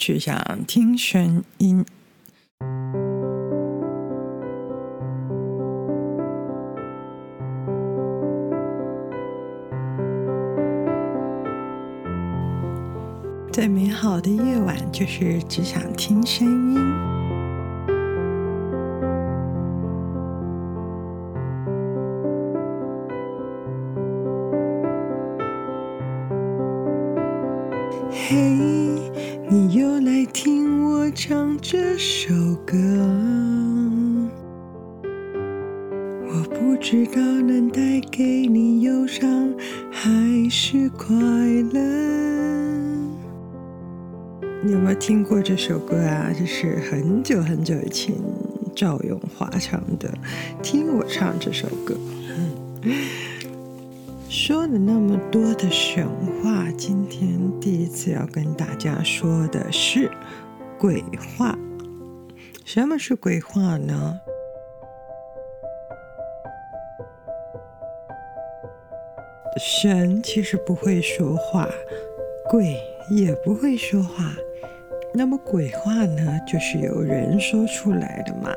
只想聽聲音。最美好的夜晚，就是只想聽聲音。這首歌，我不知道能帶給你憂傷還是快樂。你有沒有聽過這首歌啊？這是很久很久以前趙詠華唱的。聽我唱這首歌，嗯。說了那麼多的神話，今天第一次要跟大家說的是鬼話。什麼是鬼話呢？神其實不會說話，鬼也不會說話，那麼鬼話呢，就是有人說出來的嘛。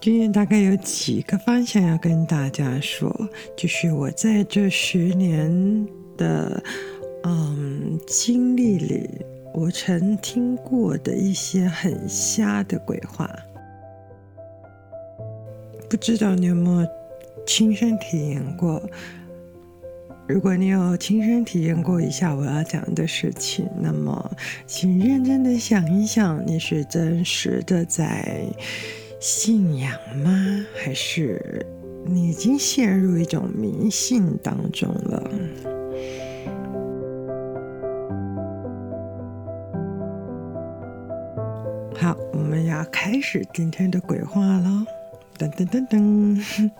今天大概有幾個方向要跟大家說，就是我在這十年的嗯經歷裡。我曾聽過的一些很瞎的鬼話，不知道你有沒有親身體驗過？如果你有親身體驗過以下我要講的事情，那麼請認真的想一想，你是真實的在信仰嗎？還是你已經陷入一種迷信當中了？開始今天的鬼話了，噔噔噔噔。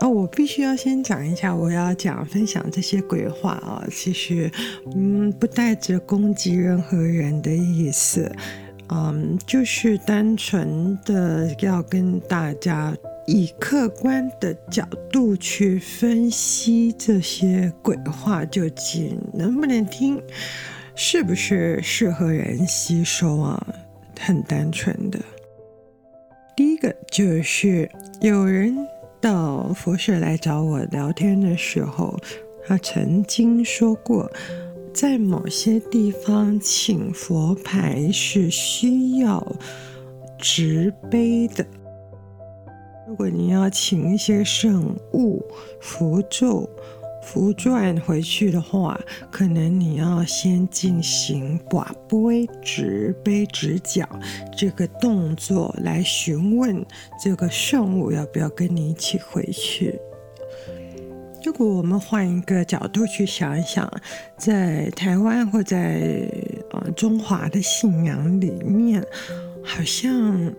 啊、哦，我必須要先講一下，我要講分享這些鬼話啊、哦。其實，嗯，不帶着攻擊任何人的意思，嗯，就是單純的要跟大家以客觀的角度去分析這些鬼話，究竟能不能聽。是不是適合人吸收啊？很單純的，第一個就是有人到佛社來找我聊天的時候，他曾經說過，在某些地方請佛牌是需要擲筊的。如果你要請一些聖物、符咒。符轉回去的話，可能你要先進行不杯擲杯擲筊這個動作來詢問這個聖物要不要跟你一起回去。如果我們換一個角度去想一想，在台灣或在呃中華的信仰裡面，好像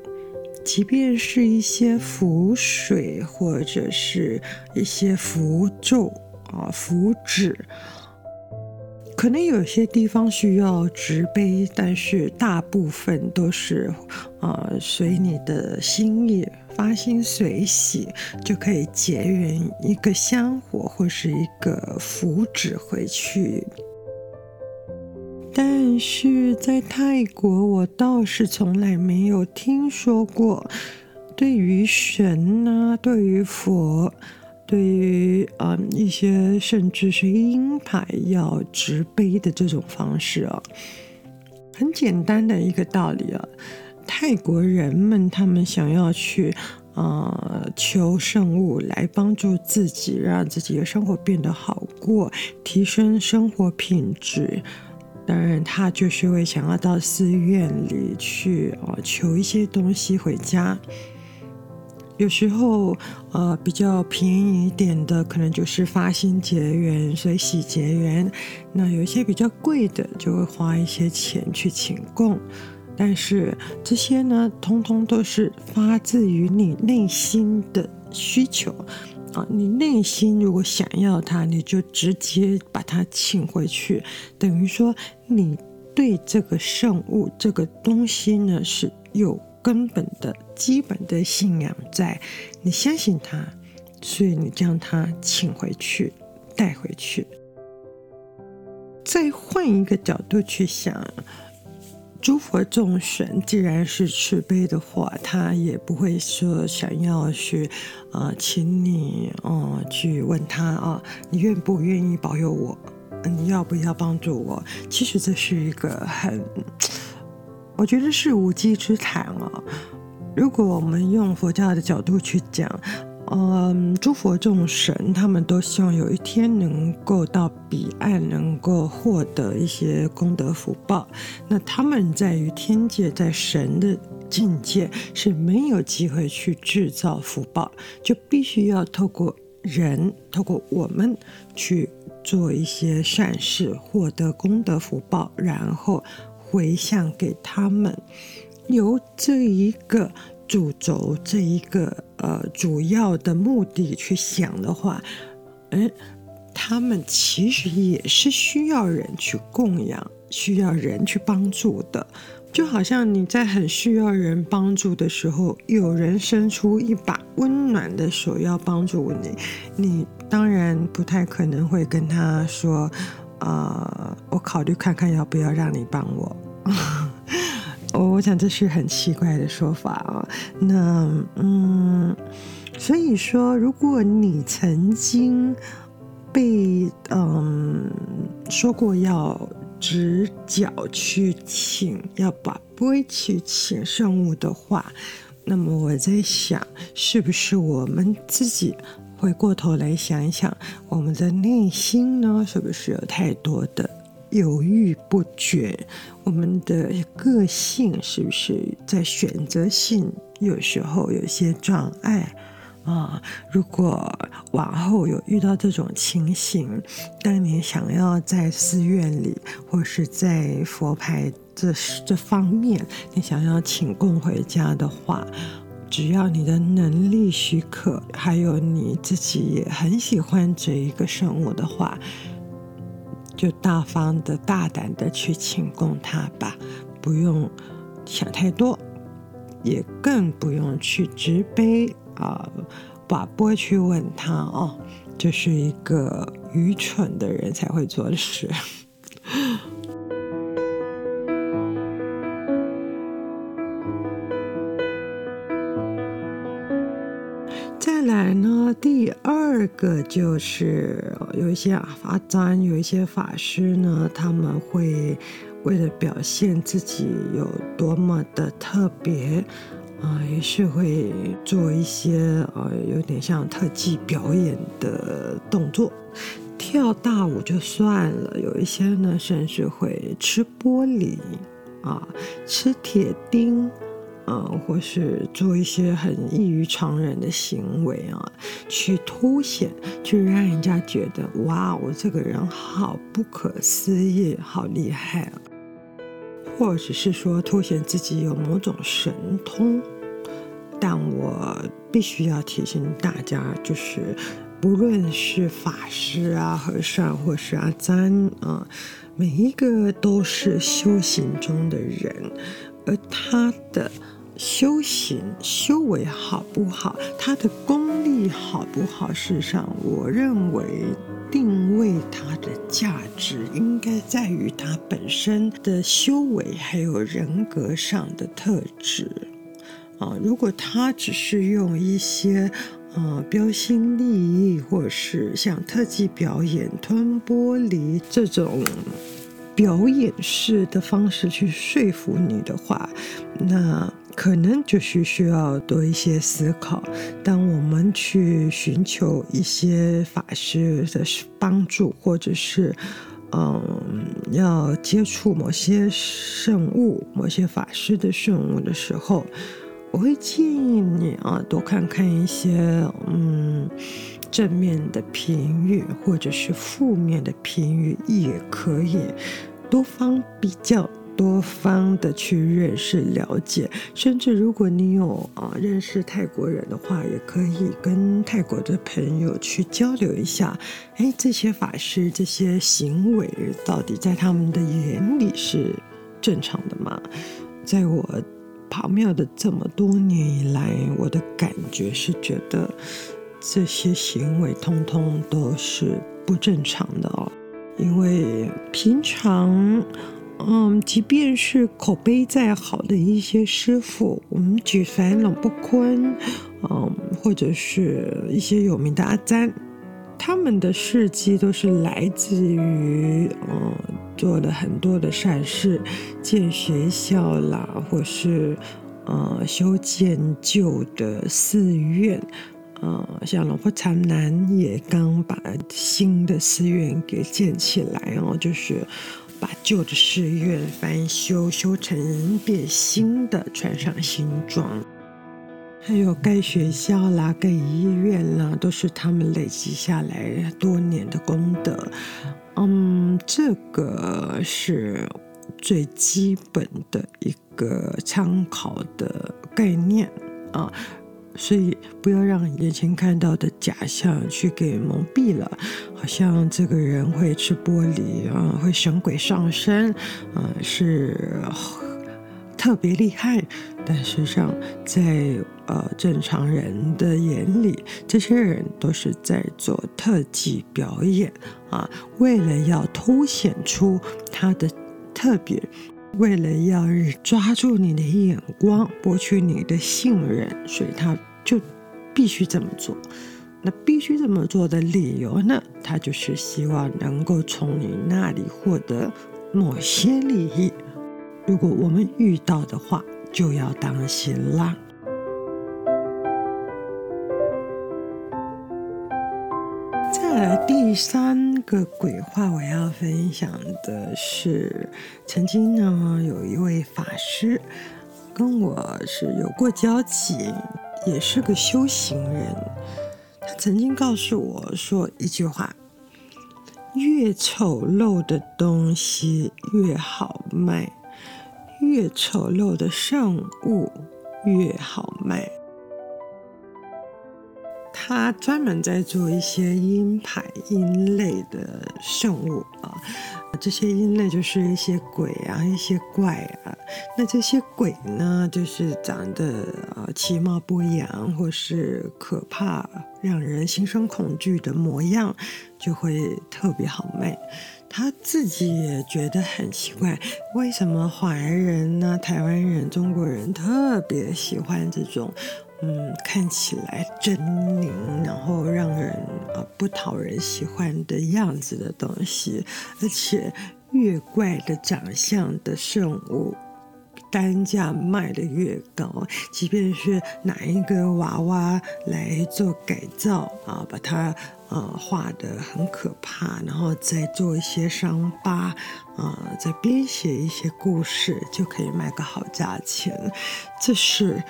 即便是一些符水或者是一些符咒。啊，符紙，可能有些地方需要擲筊，但是大部分都是，啊，隨你的心意，發心隨喜，就可以結緣一個香火或是一個符紙回去。但是在泰國，我倒是從來沒有聽說過，對於神呢、啊，對於佛。對於、嗯、一些甚至是陰牌要擲杯的這種方式、啊、很簡單的一個道理啊，泰國人們他們想要去啊、嗯、求聖物來幫助自己，讓自己的生活變得好過，提升生活品質。當然，他就是會想要到寺院裡去啊、嗯、求一些東西回家。有時候，呃，比較便宜一點的，可能就是發心結緣、隨喜結緣。那有一些比較貴的，就會花一些錢去請供。但是這些呢，通通都是發自於你內心的需求啊。你內心如果想要它，你就直接把它請回去，等於說你對這個聖物、這個東西呢是有。根本的基本的信仰在，你相信他，所以你將他請回去，帶回去。再換一個角度去想，諸佛眾神既然是慈悲的話，他也不會說想要去，啊、呃，請你，嗯、呃，去問他啊、呃，你願不願意保佑我？你要不要幫助我？其實這是一個很。我覺得是無稽之談啊、哦。如果我們用佛教的角度去講，嗯、呃，諸佛眾神他們都希望有一天能夠到彼岸，能夠獲得一些功德福報。那他們在於天界，在神的境界是沒有機會去制造福報，就必須要透過人，透過我們去做一些善事，獲得功德福報，然後。回向給他們，由這一個主軸，這一個呃主要的目的去想的話，誒、嗯，他們其實也是需要人去供養，需要人去幫助的。就好像你在很需要人幫助的時候，有人伸出一把溫暖的手要幫助你，你當然不太可能會跟他說。啊，uh, 我考慮看看要不要讓你幫我。 oh, 我想這是很奇怪的說法啊、哦。那嗯，所以說，如果你曾經被嗯說過要擲筊去請，要把杯去請聖物的話，那麼我在想，是不是我們自己？回過頭來想一想，我們的內心呢，是不是有太多的猶豫不決？我們的個性是不是在選擇性有時候有些障礙啊，嗯？如果往後有遇到這種情形，當你想要在寺院裡，或是在佛牌這這方面，你想要請供回家的話。只要你的能力許可，還有你自己也很喜歡這一個聖物的話，就大方的、大膽的去請供它吧，不用想太多，也更不用去擲杯啊，把、呃、杯去問他哦，這、就是一個愚蠢的人才會做的事。一個就是、哦、有一些啊、阿贊，有一些法師呢，他們會為了表現自己有多麼的特別，啊、呃，也是會做一些呃有點像特技表演的動作，跳大舞就算了，有一些呢甚至會吃玻璃啊，吃鐵釘。嗯、啊，或是做一些很異於常人的行為啊，去凸顯，去讓人家覺得哇、哦，我這個人好不可思議，好厲害啊，或者是說凸顯自己有某種神通。但我必須要提醒大家，就是不論是法師啊、和尚，或是阿贊啊，每一個都是修行中的人，而他的。修行修為好不好，他的功力好不好？事實上，我認為定位他的價值應該在於他本身的修為，還有人格上的特質。啊，如果他只是用一些呃、啊、標新立異，或是像特技表演、吞玻璃這種表演式的方式去說服你的話，那。可能就是需要多一些思考。當我們去尋求一些法師的幫助，或者是嗯，要接觸某些聖物、某些法師的聖物的時候，我會建議你啊，多看看一些嗯，正面的評語或者是負面的評語，也可以多方比較。多方的去認識、了解，甚至如果你有啊認識泰國人的話，也可以跟泰國的朋友去交流一下。誒、哎，這些法師這些行為，到底在他們的眼裡是正常的嗎？在我跑廟的這麼多年以來，我的感覺是覺得這些行為通通都是不正常的哦，因為平常。嗯，即便是口碑再好的一些師傅，我們舉凡龍婆坤，嗯，或者是一些有名的阿贊，他們的事蹟都是來自於嗯，做了很多的善事，建學校啦，或是呃、嗯，修建舊的寺院，嗯，像龍婆長南也剛把新的寺院給建起來哦，就是。把舊的寺院翻修，修成變新的，穿上新裝。還有蓋學校啦，蓋醫院啦，都是他們累積下來多年的功德。嗯，這個是最基本的一個參考的概念啊。所以不要讓眼前看到的假象去給蒙蔽了，好像這個人會吃玻璃啊、呃，會神鬼上身，嗯、呃，是、呃、特別厲害。但實際上在，在呃正常人的眼裡，這些人都是在做特技表演啊、呃，為了要凸顯出他的特別。為了要抓住你的眼光，博取你的信任，所以他就必須這麼做。那必須這麼做的理由呢？他就是希望能夠從你那裡獲得某些利益。如果我們遇到的話，就要當心啦。呃，第三個鬼話我要分享的是，曾經呢有一位法師跟我是有過交集，也是個修行人，他曾經告訴我說一句話：越醜陋的東西越好賣，越醜陋的聖物越好賣。他專門在做一些陰牌陰類的聖物啊，這些陰類就是一些鬼啊，一些怪啊。那這些鬼呢，就是長得呃，其貌不揚，或是可怕，讓人心生恐懼的模樣，就會特別好賣。他自己也覺得很奇怪，為什麼華人呢、啊、台灣人、中國人特別喜歡這種？嗯，看起來猙獰，然後讓人啊不討人喜歡的樣子的東西，而且越怪的長相的聖物，單價賣得越高。即便是拿一個娃娃來做改造啊，把它啊畫得很可怕，然後再做一些傷疤，啊，再編寫一些故事，就可以賣個好價錢。這是。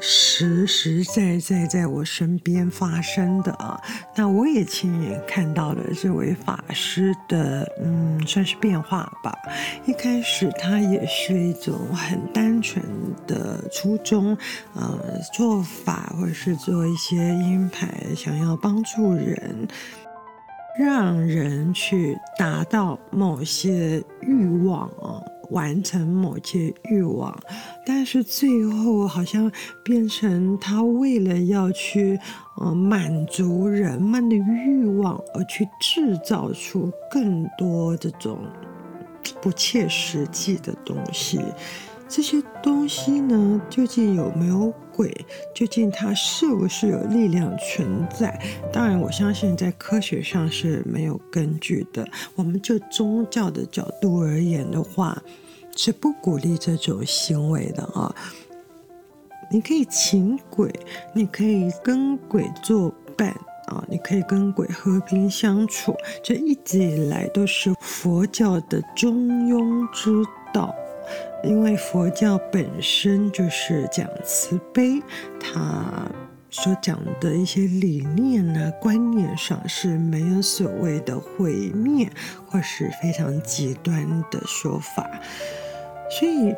實實在在在我身邊發生的啊，那我也親眼看到了這位法師的，嗯，算是變化吧。一開始他也是一種很單純的初衷，呃，做法或者是做一些陰牌，想要幫助人，讓人去達到某些欲望啊。完成某些慾望，但是最後好像變成他為了要去，呃，滿足人們的慾望而去制造出更多這種不切實際的東西。這些東西呢，究竟有沒有鬼？究竟它是不是有力量存在？當然，我相信在科學上是沒有根據的。我們就宗教的角度而言的話，是不鼓勵這種行為的啊、哦。你可以請鬼，你可以跟鬼作伴啊，你可以跟鬼和平相處，這一直以來都是佛教的中庸之道。因為佛教本身就是講慈悲，它所講的一些理念呢、啊、觀念上是沒有所謂的毀滅或是非常極端的說法，所以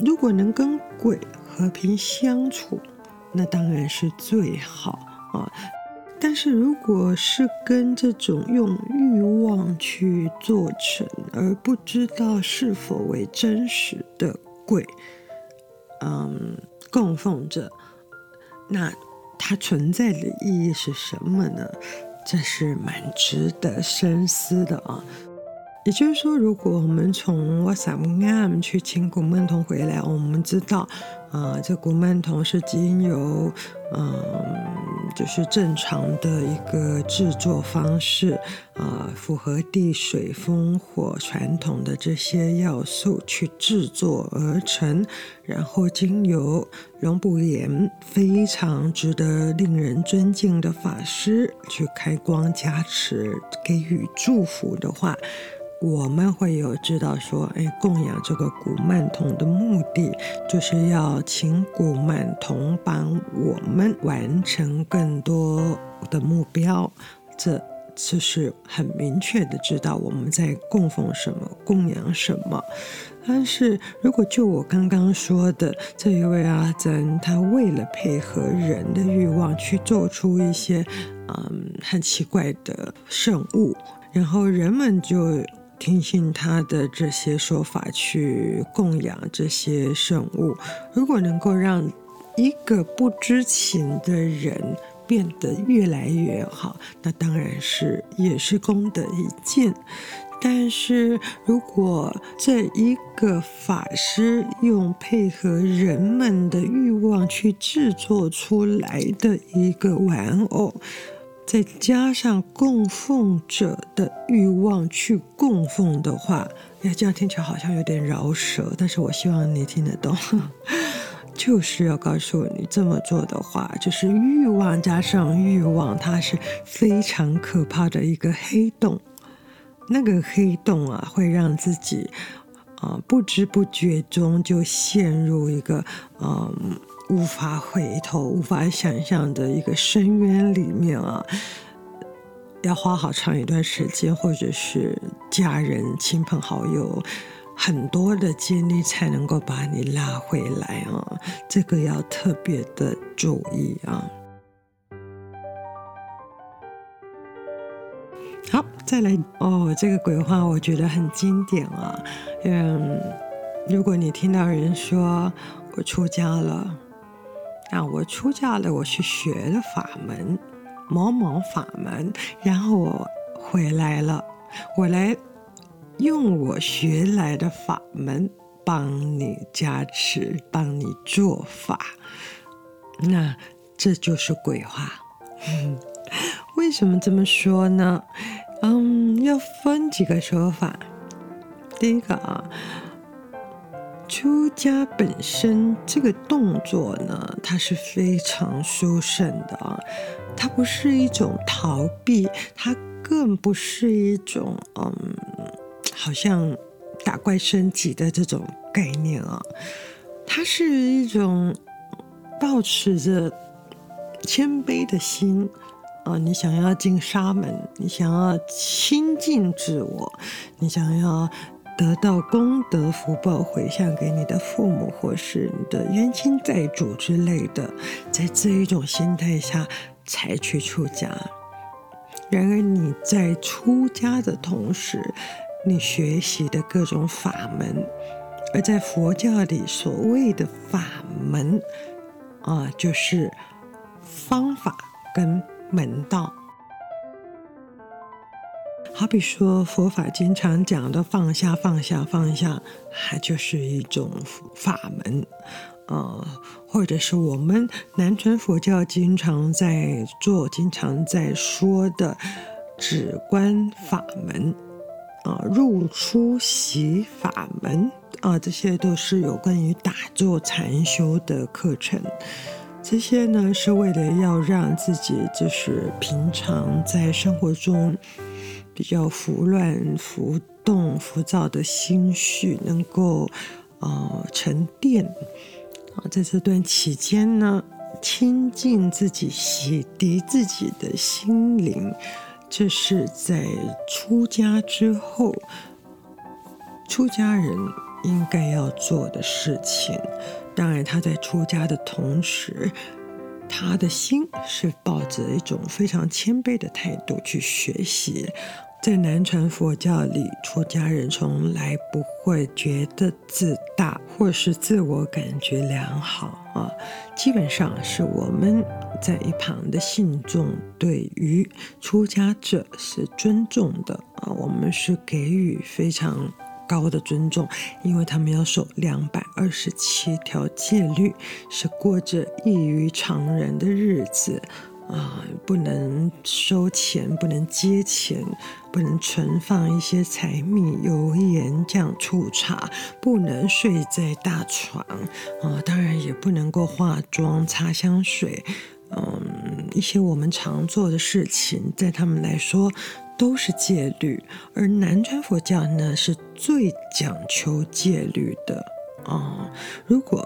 如果能跟鬼和平相處，那當然是最好啊。但是，如果是跟這種用慾望去做成，而不知道是否為真實的鬼，嗯，供奉着，那它存在的意義是什麼呢？這是蠻值得深思的啊。也就是說，如果我們從 Wat Saman 去請古曼童回來，我們知道，啊、呃，這古曼童是經由，嗯、呃，就是正常的一個製作方式，啊、呃，符合地水風火傳統的這些要素去製作而成，然後經由容不言非常值得令人尊敬的法師去開光加持給予祝福的話。我們會有知道說，哎，供養這個古曼童的目的，就是要請古曼童幫我們完成更多的目標。這就是很明確的知道我們在供奉什麼，供養什麼。但是如果就我剛剛說的這一位阿珍，她為了配合人的欲望去做出一些嗯很奇怪的聖物，然後人們就。聽信他的這些說法，去供養這些聖物，如果能夠讓一個不知情的人變得越來越好，那當然是也是功德一件。但是如果這一個法師用配合人們的慾望去製作出來的一個玩偶，再加上供奉者的慾望去供奉的話，哎，這樣聽起來好像有點饒舌，但是我希望你聽得懂， 就是要告訴你，這麼做的話，就是慾望加上慾望，它是非常可怕的一個黑洞。那個黑洞啊，會讓自己啊、呃、不知不覺中就陷入一個嗯，呃無法回頭、無法想象的一個深淵裡面啊，要花好長一段時間，或者是家人、親朋好友很多的精力，才能夠把你拉回來啊！這個要特別的注意啊。好，再來哦，這個鬼話我覺得很經典啊。嗯，如果你聽到人說我出家了。啊，我出家了，我去學了法門，某某法門，然後我回來了，我來用我學來的法門幫你加持，幫你做法，那這就是鬼話。嗯，為什麼這麼說呢？嗯，要分幾個說法。第一個啊。出家本身這個動作呢，它是非常殊勝的啊，它不是一種逃避，它更不是一種嗯，好像打怪升級的這種概念啊，它是一種保持着謙卑的心啊，嗯，你想要進沙門，你想要親近自我，你想要。得到功德福報迴向給你的父母或是你的冤親債主之類的，在這一種心態下才去出家。然而你在出家的同時，你學習的各種法門，而在佛教裡所謂的法門啊，就是方法跟門道。好比說佛法經常講的放下放下放下，它就是一種法門，呃，或者是我們南傳佛教經常在做、經常在說的止觀法門，啊、呃，入出息法門，啊、呃，這些都是有關於打坐禪修的課程。這些呢，是為了要讓自己就是平常在生活中，比較浮亂、浮動、浮躁的心緒能夠，呃，沉澱。啊，在這段期間呢，親近自己、洗滌自己的心靈，這、就是在出家之後，出家人應該要做的事情。當然，他在出家的同時。他的心是抱着一種非常謙卑的態度去學習，在南傳佛教裡，出家人從來不會覺得自大或是自我感覺良好啊。基本上是我們在一旁的信眾對於出家者是尊重的啊，我們是給予非常。高的尊重，因為他們要守兩百二十七條戒律，是過着異於常人的日子啊、呃！不能收錢，不能接錢，不能存放一些柴米油鹽醬醋茶，不能睡在大床啊、呃！當然也不能夠化妝、擦香水，嗯、呃，一些我們常做的事情，在他們來說。都是戒律，而南傳佛教呢，是最講求戒律的啊、嗯。如果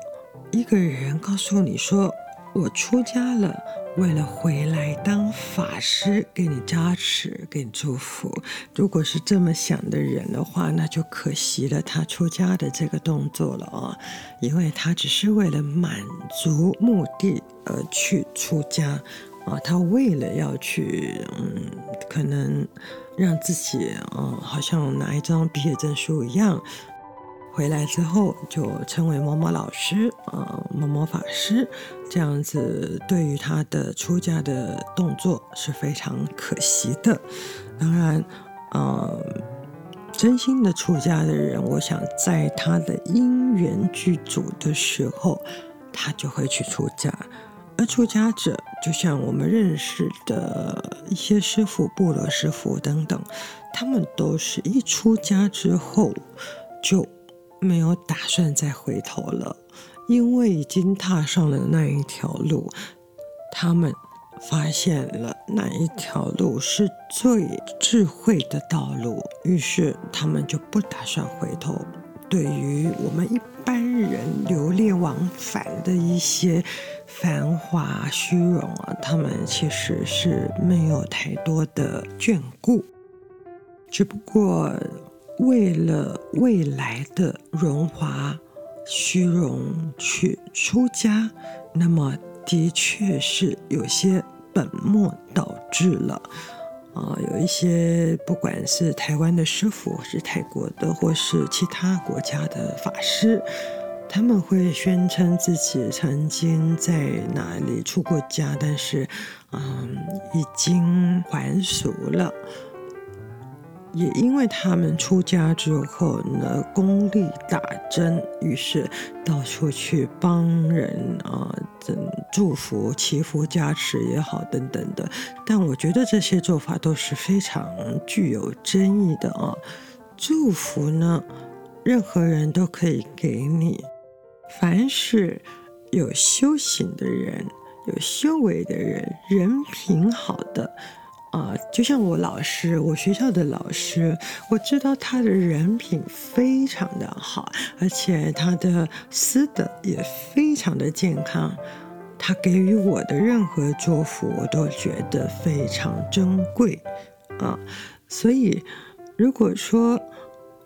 一個人告訴你說，我出家了，為了回來當法師給你加持、給你祝福，如果是這麼想的人的話，那就可惜了他出家的這個動作了啊、哦，因為他只是為了滿足目的而去出家啊，他為了要去嗯。可能讓自己嗯、呃，好像拿一張畢業證書一樣，回來之後就成為某某老師啊、呃，某某法師，這樣子對於他的出家的動作是非常可惜的。當然，嗯、呃，真心的出家的人，我想在他的因緣具足的時候，他就會去出家。而出家者，就像我們認識的一些師父、布羅師父等等，他們都是一出家之後，就沒有打算再回頭了，因為已經踏上了那一條路，他們發現了那一條路是最智慧的道路，於是他們就不打算回頭。對於我們一般，世人流連往返的一些繁華虛榮啊，他們其實是沒有太多的眷顧，只不過為了未來的榮華虛榮去出家，那麼的確是有些本末倒置了啊、呃！有一些不管是台灣的師傅，是泰國的，或是其他國家的法師。他們會宣稱自己曾經在哪裡出過家，但是，嗯，已經還俗了。也因為他們出家之後呢，功力大增，於是到處去幫人啊，祝祝福、祈福、加持也好，等等的。但我覺得這些做法都是非常具有爭議的啊、哦。祝福呢，任何人都可以給你。凡是有修行的人，有修為的人，人品好的，啊，就像我老師，我學校的老師，我知道他的人品非常的好，而且他的私德也非常的健康。他給予我的任何祝福，我都覺得非常珍貴，啊，所以如果說。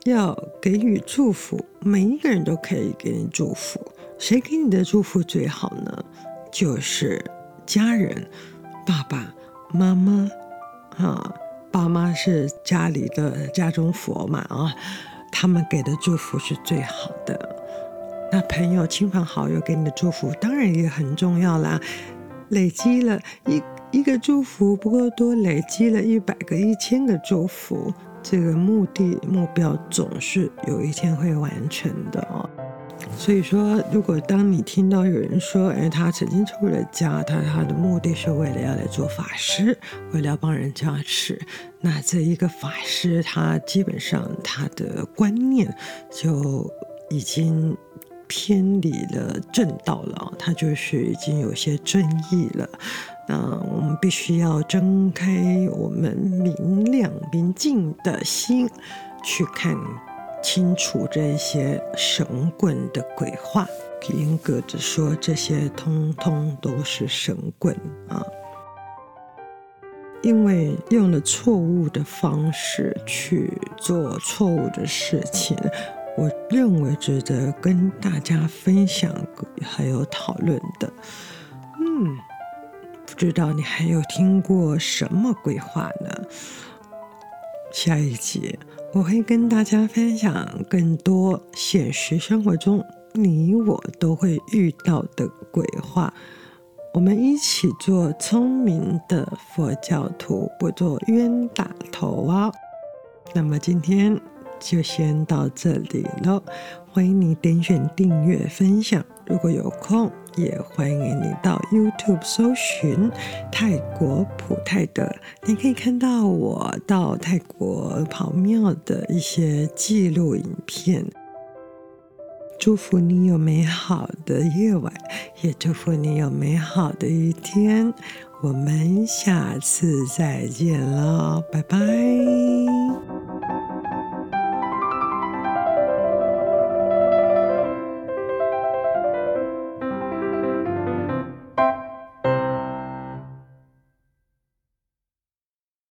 要給予祝福，每一個人都可以給你祝福。誰給你的祝福最好呢？就是家人，爸爸媽媽啊，爸媽是家裡的家中佛嘛啊，他們給的祝福是最好的。那朋友、親朋好友給你的祝福，當然也很重要啦。累積了一一個祝福不夠多，累積了一百個、一千個祝福。這個目的目標總是有一天會完成的哦，所以說，如果當你聽到有人說，哎，他曾經出了家，他他的目的是為了要來做法師，為了要幫人家持，那這一個法師，他基本上他的觀念就已經。偏離了正道了，它就是已經有些爭議了。那我們必須要睜開我們明亮明淨的心，去看清楚這些神棍的鬼話。嚴格地說，這些通通都是神棍啊，因為用了錯誤的方式去做錯誤的事情。我認為值得跟大家分享還有討論的，嗯，不知道你還有聽過什麼鬼話呢？下一集我會跟大家分享更多現實生活中你我都會遇到的鬼話，我們一起做聰明的佛教徒，不做冤大頭啊、哦！那麼今天。就先到這裡了，歡迎你點選訂閱分享。如果有空，也歡迎你到 YouTube 搜尋“泰國普泰”的，你可以看到我到泰國跑廟的一些記錄影片。祝福你有美好的夜晚，也祝福你有美好的一天。我們下次再見啦，拜拜。